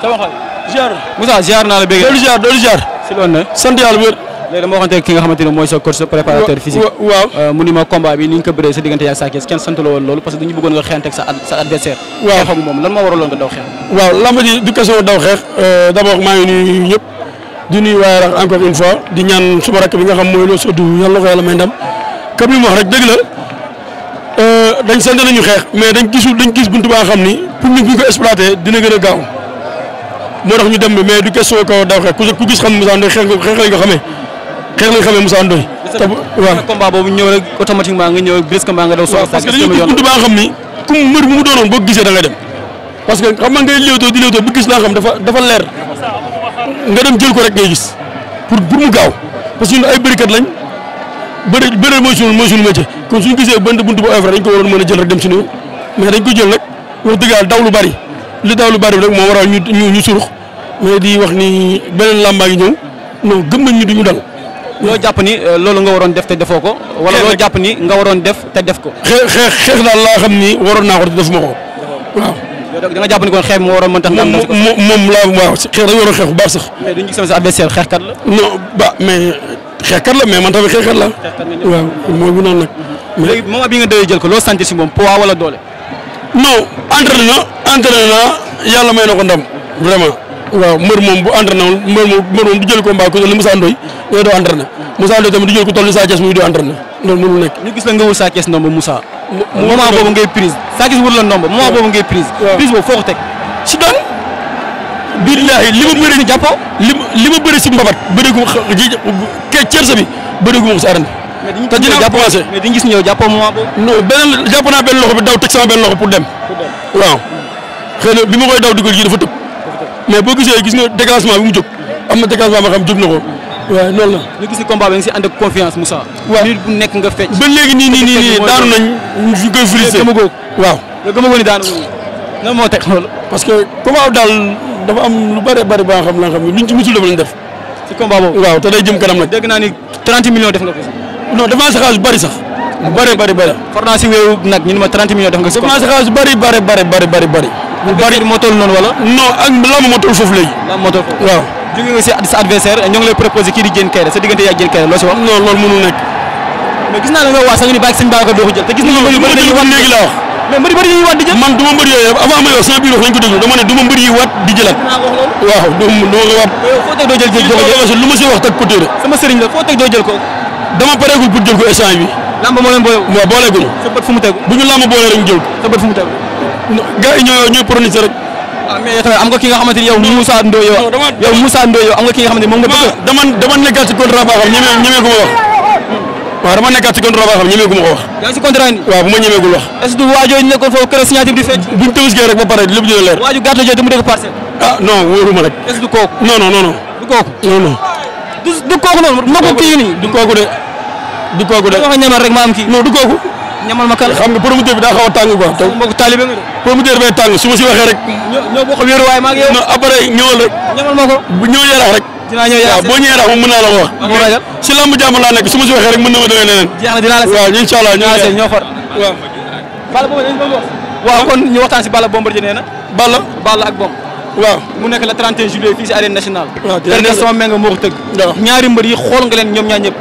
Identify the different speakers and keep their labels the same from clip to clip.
Speaker 1: sama xol ziar Moussa ziar naa la bëgg doolu ziar na sant yàlla wér léegi dama waxante ki nga xamante mooy sa coach sa préparateur physique waaw euh, mu ni ma combat bi ni ko bëree sa xeex ak moom lan moo waraloon nga daw xeex waaw lamb ji du kese daw xeex euh, di nuyu waaye rax bi nga xam mooy loo may ndam comme li mu wax euh, dañ sant nañu xeex mais gis buntu baa xam ni public bi ñu ko exploité dina gën a gaaw moo tax ñu dem bi mais du question kaw daw xeex ku gis xam Moussa Ndoye xeex lañ ko xamee xeex lañ xamee Moussa Ndoye waaw combat boobu ñëw rek automatiquement nga ñëw rek brisque nga daw so parce que ko buntu ba parce que xam nga ngay léewtoo di léewtoo bu gis dafa leer nga dem jël ko rek ngay gis pour mu gaaw parce que ñun ay bërikat lañ bëri bëri mooy suñu mooy suñu métier kon suñu gisee bënd buntu bu offre dañ ko waroon mën a jël rek dem suñu mais dañ ko jël nag wax dëgg daw lu bari li daw lu bari bi rek moo waral ñu surux mais di wax ni beneen làmbaa ngi ñëw non gëm ñu du ñu dal. loo jàpp ni euh, loolu nga waroon def te defoo ko. wala loo jàpp ni nga waroon def te def ko. xeex xeex xeex daal laa xam ni waroon naa ko te defuma ko da jàpp ni kon waroon mën tax nga moom moom laa waaw xeex dañu waroon xeex bu baax sax. mais dañu sama sa adversaire xeexkat la. non ba mais xeexkat la mais man tamit xeexkat la. waaw mooy bu noonu nag. Mm-hmm. léegi moment bi nga doyee jël ko loo sant si moom poids wala doole. non entraîné na entraîné na yàlla may na ko ndam vraiment waaw mbër moom bu entraîné woon mbër moom mbër moom du jël combat ku toll ni Moussa Ndoye yooyu doo entraîné Moussa Ndoye tamit du jël ku toll ni Sa Thiès muy doo entraîné loolu mënul nekk ñu nga wër Sa Thiès ndomba Moussa moment boobu ngay prise Sa Thiès wër la ndomba moment boobu ngay prise prise boobu foo ko teg si doon billahi li bëri ni jàppoo li li bëri si mbabat bëri gu ke cër sa bëri gu ko si arène te dina jàpp di gis ñëw jàppoo moment boobu beneen naa mais boo gisee gis nga déclenchement bi mu jóg am na déclenchement boo xam jóg na ko waaw loolu la. ñu gis ni combat bi nga si ànd ak confiance Moussa. waaw nit bu nekk nga fecc. ba léegi nii nii nii nii daanu nañ ñu ngi waaw. nga gëm a góog ni daanu nan moo teg loolu. parce que combat daal dafa am lu bëree bëri ba nga xam la nga xam ne luñ ci musul dafa lañ def. si combat boobu waaw te day jëm kanam nag. dégg naa ni 30 millions def nga ko si. non dafa am sa xaalis bu bëri nag ñu ne ma 30 millions def nga si. dafa am bari xaalis bu bëri bu bari moo toll noonu wala. non ak lamb moo toll foofu léegi. waaw. jóge nga si sa ñoo ngi lay proposé kii di Diène Kaïré sa diggante yaa Diène Kaïré loo si wax. non loolu mënul nekk. mais gis naa da nga wax sax ni bàyyi seen baako doo ko ma mbëri yooyu avant ko déglu dama ne du ko waat foo teg doo jël jël ko lu ma si wax doo jël ko dama pareegul pour jël ko échange bi lamb moo leen boole waaw fu mu tegu bu ñu lamb boole rek jël ko sa fu mu tegu gars yi ñooy ñooy rek. Ah, am nga ki nga xamante ni yow Moussa Ndoye yow. am nga ki nga xamante ni moom nga. dëgg dama dama nekkaat ci contrat baax xam ñemee ñemee ko ma wax. waaw dama nekkaat ci contrat baax xam ma ko wax. yaa ngi ci contrat ko wax. est-ce que waa jooju nekkoon foofu kër rek ba pare lépp dina leer. waa ju gàtt mu dëkk parcelle. ah non wóoruma rek. est-ce que du kooku. non non non non. du kooku. non du kooku noonu. du kooku de. du kooku de. du ñamal ma kàlla xam nga promoteur bi daa xaw a tàng quoi. te mbokk nga de. promoteur bee tàng su ma si waxee rek. ñoo bokk wéeruwaay ma ak ko bu ñëw yaraax rek. dinaa ñëw boo ñëwee yaraax moom mën naa la wax. ok si lamb jàmm laa nekk su ma si waxee rek mën na ma demee neneen. jeex na dinaa la waaw incha waaw. Balla boobu dañu ko wax. waaw kon ñu waxtaan nee na. Balla Balla ak Bomb. waaw mu nekk le 31 juillet fii si arène moo ko tëgg. ñaari mbër yi xool nga leen ñoom ñaar ñëpp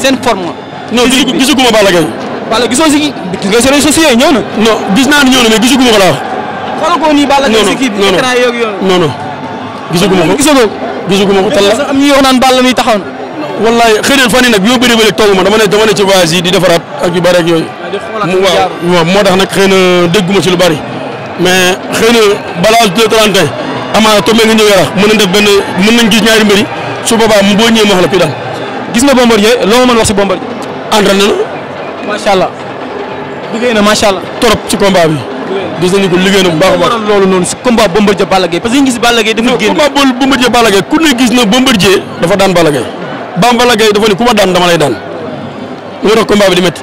Speaker 1: seen forme. non gisuguma Balla Gaye Balla gisoo si gis nga seen réseaux sociaux yi ñëw na. non gis naa ne ñëw na mais gisagu ma ko la wax. xoolal ko nii Balla gis kii bi écran yeeg yoon. non non gisagu ma ko gisagoo gisagu ma ko tal la am ñu wax naan Balla mi taxaw na. wallaay xëy na fan yii nag bi ma bëree bëri toogu ma dama ne dama ne ci voyage yi di defaraat ak yu bëri ak yooyu. waaw waaw moo tax nag xëy na dégguma ci lu bëri. mais xëy na balaa le 31 amaana tombé nga ñëw yarax mën nañ def benn mën nañ gis ñaari mbëri su boobaa boo ñëwee ma wax la fii daal. gis nga Bombardier loo ma mën wax si Bombardier. entraîné na macha allah. liggéey na macha allah. trop ci combat bi. gis nañu ko liggéey na bu baax a baax. loolu noonu si combat Bombardier Balla Gaye parce que ñu gis Balla Gaye dafa génn. combat Bombardier Balla Gaye ku ne gis na Bombardier dafa daan Balla Gaye. Balla dafa ne ku daan dama lay daan. loolu combat bi di métti.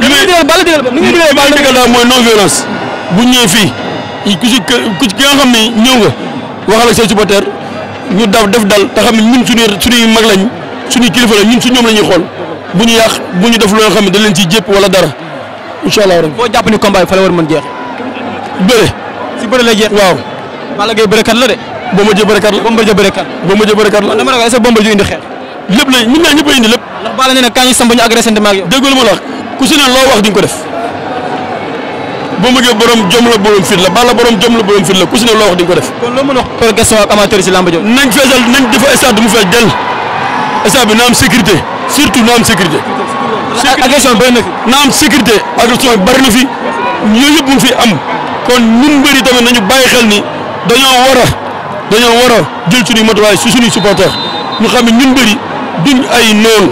Speaker 1: li may digal li may digal daal mooy non violence bu ñëwee fii ku ci ku ci ki nga xam ne ñëw nga waxal ak say supporter ñu daf def dal te xam ne ñun suñuy suñuy mag lañ suñuy kilifa lañ ñun su ñoom la ñuy xool bu ñu yàq bu ñu def loo xam ne dañ leen ciy jépp wala dara incha boo jàpp ne ko est-ce a indi lépp. na kañ sàmm ñu agressé ndem ak ma la ku si ne loo wax di nga ko def boo mu borom jom la borom fit la bala borom jom la borom fit la ku si ne loo wax di nga ko def. kon loo mën a wax si làmb jooju. nañ feesal nañ defar stade mu fees dell stade bi na am sécurité surtout na am sécurité. agression bëri na fi. na sécurité agression bëri na fi ñoo yëpp mu fi am kon ñun mbëri tamit nañu bàyyi xel ni dañoo war a dañoo war a jël suñuy matuwaay su suñuy supporteurs ñu xam ne ñun mbëri duñ ay noonu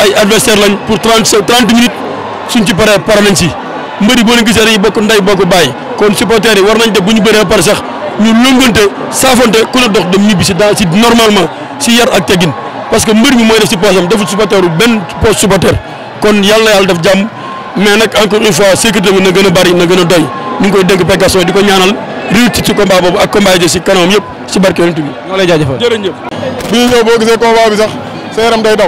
Speaker 1: ay adversaire lañ pour trente trente minutes. suñ ci paree pare nañ si mbëri boo leen gisee dañuy bokk ndey bokk bàyyi kon supporters yi war nañ def bu ñu bëree pare sax ñu lëngante saafante ku la dox dem ñibbi si dans si normalement si yar ak teggin parce que mbër mi mooy def si poosam deful supporter benn poos supporter kon yàlla yàlla def jàmm mais nag encore une fois sécurité na gën a bari na gën a doy ñu ngi koy dégg Pégaso di ko ñaanal réussite ci combat boobu ak combat yi si kanamam yëpp si barke yonent bi. ñoo lay boo gisee combat bi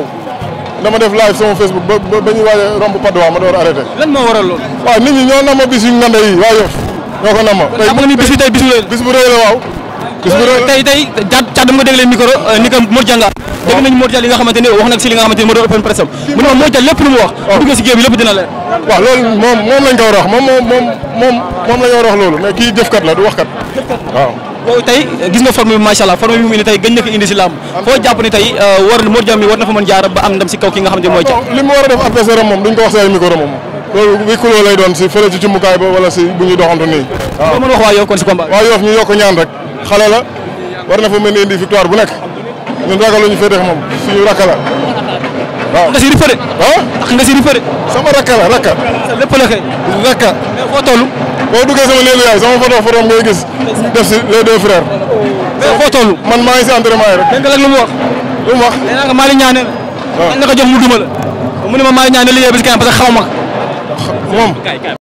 Speaker 1: dama def live sama Facebook ba ba ba ñu waaj a romb Padois ma door arrêté. lan moo waral loolu. waaw nit ñi ñoo nama bis yu nganda yi waa Yoff. ñoo ko nama tey xam nga ni bis bi tey bis bu rëy la. bis dégg nañu Modou li nga xamante ne wax nag si li nga xamante ne moo doon open press am. mu ne ma Modou lépp lu mu wax. waaw bu duggee si géew bi lépp dina leer. waaw loolu moom moom lañ ko war a wax moom moom moom moom la ñu war wax loolu mais kii jëfkat boobu tey gis nga forme bi macha allah forme bi mu indi tey gën na ko indi si làmb foo jàpp ne tey euh, war ne mooy ca a def waa yow kon si combat waaw yow ñu yokk ñaan rek xale la war na fa mën indi victoire bu nekk ñun ragalu ñu féetex moom suñu rakka la waaw nga si rifëre ah nga si rifëre sama rakka la rakka lépp la kay. rakka mais foo toll. boo sama néegu sama photo photo ngay gis. def si les deux frères. mais foo toll. man maa ngi si entraînement yi rek. dégg nga nag lu mu lu mu wax nee naa ko mu duma la. ne ma maa ngi ñaanal liggéey bi si kanam parce que